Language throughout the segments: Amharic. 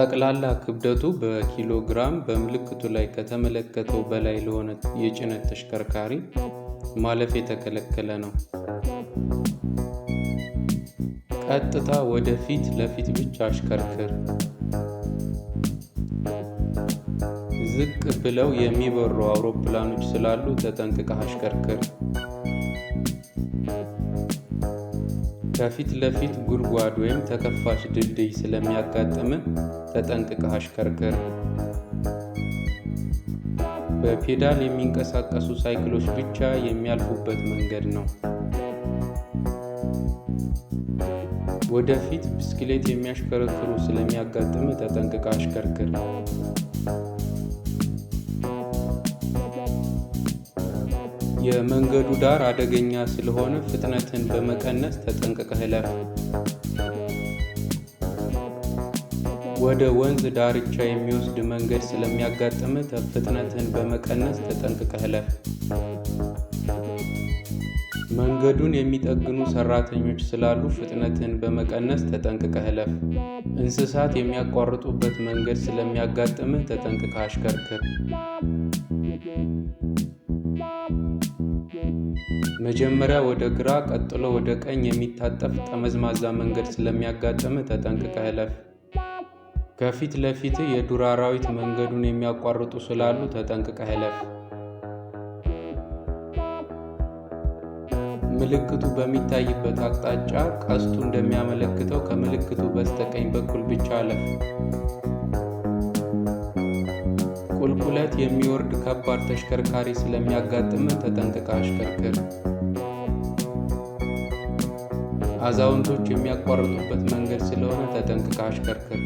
ጠቅላላ ክብደቱ በኪሎ ግራም በምልክቱ ላይ ከተመለከተው በላይ ለሆነ የጭነት ተሽከርካሪ ማለፍ የተከለከለ ነው። ቀጥታ ወደ ፊት ለፊት ብቻ አሽከርክር። ዝቅ ብለው የሚበሩ አውሮፕላኖች ስላሉ ተጠንቅቀህ አሽከርክር። ከፊት ለፊት ጉድጓድ ወይም ተከፋች ድልድይ ስለሚያጋጥም ተጠንቅቀህ አሽከርክር። በፔዳል የሚንቀሳቀሱ ሳይክሎች ብቻ የሚያልፉበት መንገድ ነው። ወደፊት ብስክሌት የሚያሽከረክሩ ስለሚያጋጥም ተጠንቅቀህ አሽከርክር። የመንገዱ ዳር አደገኛ ስለሆነ ፍጥነትን በመቀነስ ተጠንቅቀህ እለፍ። ወደ ወንዝ ዳርቻ የሚወስድ መንገድ ስለሚያጋጥም ፍጥነትን በመቀነስ ተጠንቅቀህ እለፍ። መንገዱን የሚጠግኑ ሰራተኞች ስላሉ ፍጥነትን በመቀነስ ተጠንቅቀህ እለፍ። እንስሳት የሚያቋርጡበት መንገድ ስለሚያጋጥም ተጠንቅቀህ አሽከርክር። መጀመሪያ ወደ ግራ ቀጥሎ ወደ ቀኝ የሚታጠፍ ጠመዝማዛ መንገድ ስለሚያጋጥም ተጠንቅቀህ እለፍ። ከፊት ለፊት የዱር አራዊት መንገዱን የሚያቋርጡ ስላሉ ተጠንቅቀህ እለፍ። ምልክቱ በሚታይበት አቅጣጫ ቀስቱ እንደሚያመለክተው ከምልክቱ በስተቀኝ በኩል ብቻ አለፍ። ቁልቁለት የሚወርድ ከባድ ተሽከርካሪ ስለሚያጋጥም ተጠንቅቀ አሽከርክር። አዛውንቶች የሚያቋርጡበት መንገድ ስለሆነ ተጠንቅቀ አሽከርክር።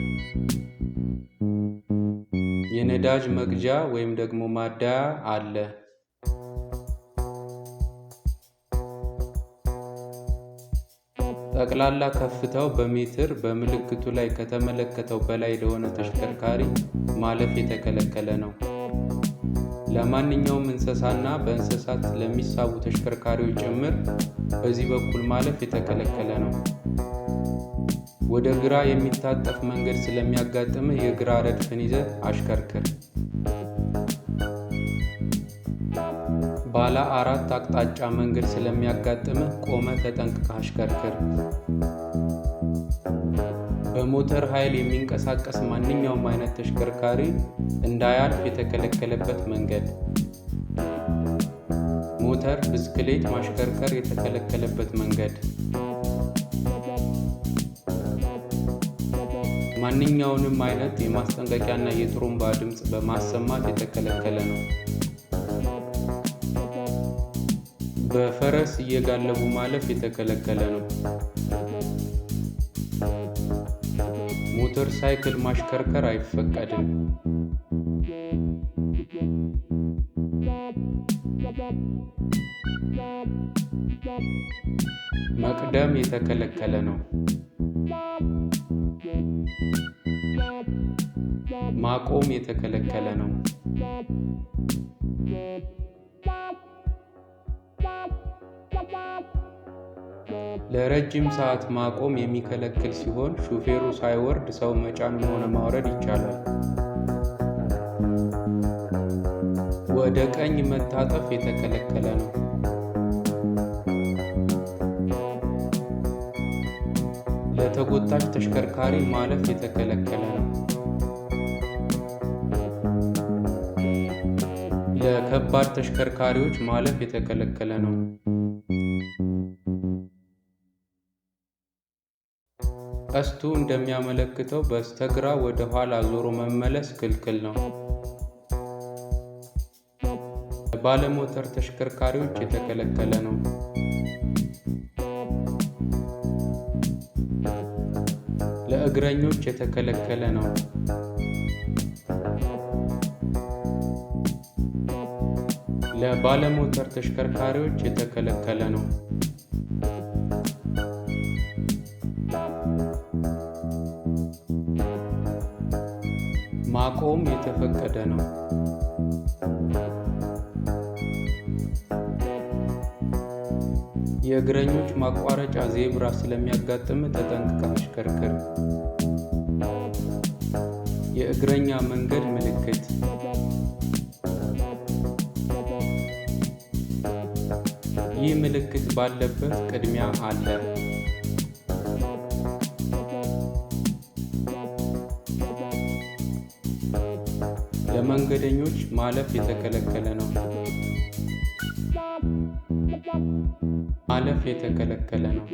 የነዳጅ መግጃ ወይም ደግሞ ማደያ አለ። ጠቅላላ ከፍታው በሜትር በምልክቱ ላይ ከተመለከተው በላይ ለሆነ ተሽከርካሪ ማለፍ የተከለከለ ነው። ለማንኛውም እንስሳና በእንስሳት ለሚሳቡ ተሽከርካሪዎች ጭምር በዚህ በኩል ማለፍ የተከለከለ ነው። ወደ ግራ የሚታጠፍ መንገድ ስለሚያጋጥምህ የግራ ረድፍን ይዘህ አሽከርክር። ባለ አራት አቅጣጫ መንገድ ስለሚያጋጥምህ ቆመ ተጠንቅቀህ አሽከርክር። በሞተር ኃይል የሚንቀሳቀስ ማንኛውም አይነት ተሽከርካሪ እንዳያልፍ የተከለከለበት መንገድ። ሞተር ብስክሌት ማሽከርከር የተከለከለበት መንገድ። ማንኛውንም አይነት የማስጠንቀቂያና የጥሩምባ ድምፅ በማሰማት የተከለከለ ነው። በፈረስ እየጋለቡ ማለፍ የተከለከለ ነው። ሞተር ሳይክል ማሽከርከር አይፈቀድም። መቅደም የተከለከለ ነው። ማቆም የተከለከለ ነው። ለረጅም ሰዓት ማቆም የሚከለክል ሲሆን ሹፌሩ ሳይወርድ ሰው መጫንም ሆነ ማውረድ ይቻላል። ወደ ቀኝ መታጠፍ የተከለከለ ነው። ለተጎታች ተሽከርካሪ ማለፍ የተከለከለ ነው። ለከባድ ተሽከርካሪዎች ማለፍ የተከለከለ ነው። ቀስቱ እንደሚያመለክተው በስተግራ ወደ ኋላ ዞሮ መመለስ ክልክል ነው። ባለሞተር ተሽከርካሪዎች የተከለከለ ነው። ለእግረኞች የተከለከለ ነው። ለባለሞተር ተሽከርካሪዎች የተከለከለ ነው። ባለፈውም የተፈቀደ ነው። የእግረኞች ማቋረጫ ዜብራ ስለሚያጋጥም ተጠንቅቀ አሽከርክር። የእግረኛ መንገድ ምልክት ይህ ምልክት ባለበት ቅድሚያ አለ። መንገደኞች ማለፍ የተከለከለ ነው። ማለፍ የተከለከለ ነው።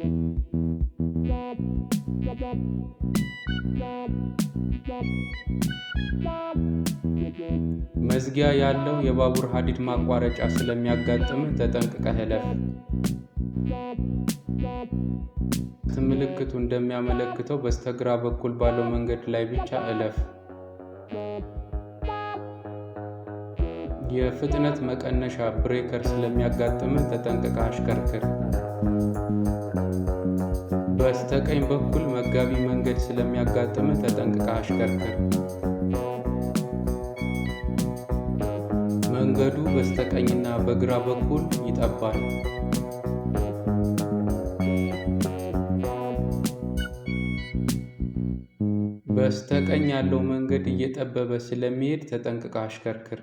መዝጊያ ያለው የባቡር ሐዲድ ማቋረጫ ስለሚያጋጥም ተጠንቅቀህ እለፍ። ምልክቱ እንደሚያመለክተው በስተግራ በኩል ባለው መንገድ ላይ ብቻ እለፍ። የፍጥነት መቀነሻ ብሬከር ስለሚያጋጥም ተጠንቅቀ አሽከርክር። በስተቀኝ በኩል መጋቢ መንገድ ስለሚያጋጥም ተጠንቅቀ አሽከርክር። መንገዱ በስተቀኝና በግራ በኩል ይጠባል። በስተቀኝ ያለው መንገድ እየጠበበ ስለሚሄድ ተጠንቅቀ አሽከርክር።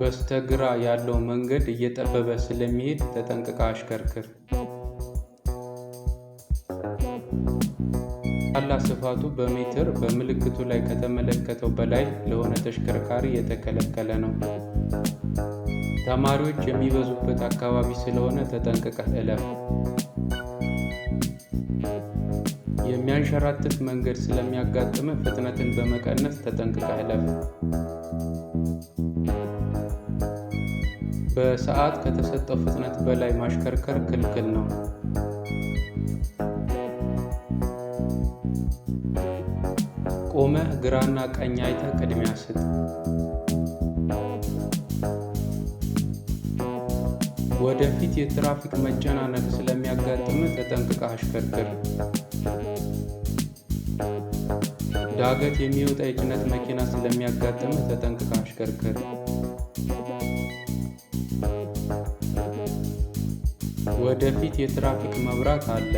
በስተግራ ያለው መንገድ እየጠበበ ስለሚሄድ ተጠንቅቃ አሽከርክር። ታላ ስፋቱ በሜትር በምልክቱ ላይ ከተመለከተው በላይ ለሆነ ተሽከርካሪ የተከለከለ ነው። ተማሪዎች የሚበዙበት አካባቢ ስለሆነ ተጠንቅቀህ እለፍ። የሚያንሸራትት መንገድ ስለሚያጋጥምህ ፍጥነትን በመቀነስ ተጠንቅቀህ እለፍ። በሰዓት ከተሰጠው ፍጥነት በላይ ማሽከርከር ክልክል ነው። ቆመ ግራና ቀኝ አይተ ቅድሚያ ስጥ። ወደፊት የትራፊክ መጨናነቅ ስለሚያጋጥም ተጠንቅቀ አሽከርክር። ዳገት የሚወጣ የጭነት መኪና ስለሚያጋጥም ተጠንቅቀ አሽከርክር። ወደፊት የትራፊክ መብራት አለ።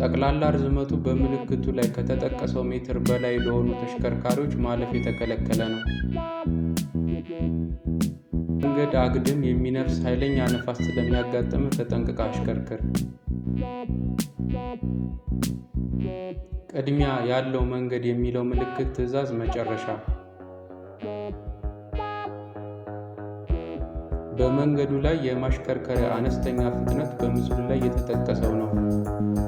ጠቅላላ ርዝመቱ በምልክቱ ላይ ከተጠቀሰው ሜትር በላይ ለሆኑ ተሽከርካሪዎች ማለፍ የተከለከለ ነው። መንገድ አግድም የሚነፍስ ኃይለኛ ነፋስ ስለሚያጋጥም ተጠንቅቀ አሽከርክር። ቅድሚያ ያለው መንገድ የሚለው ምልክት ትዕዛዝ መጨረሻ በመንገዱ ላይ የማሽከርከሪያ አነስተኛ ፍጥነት በምስሉ ላይ የተጠቀሰው ነው።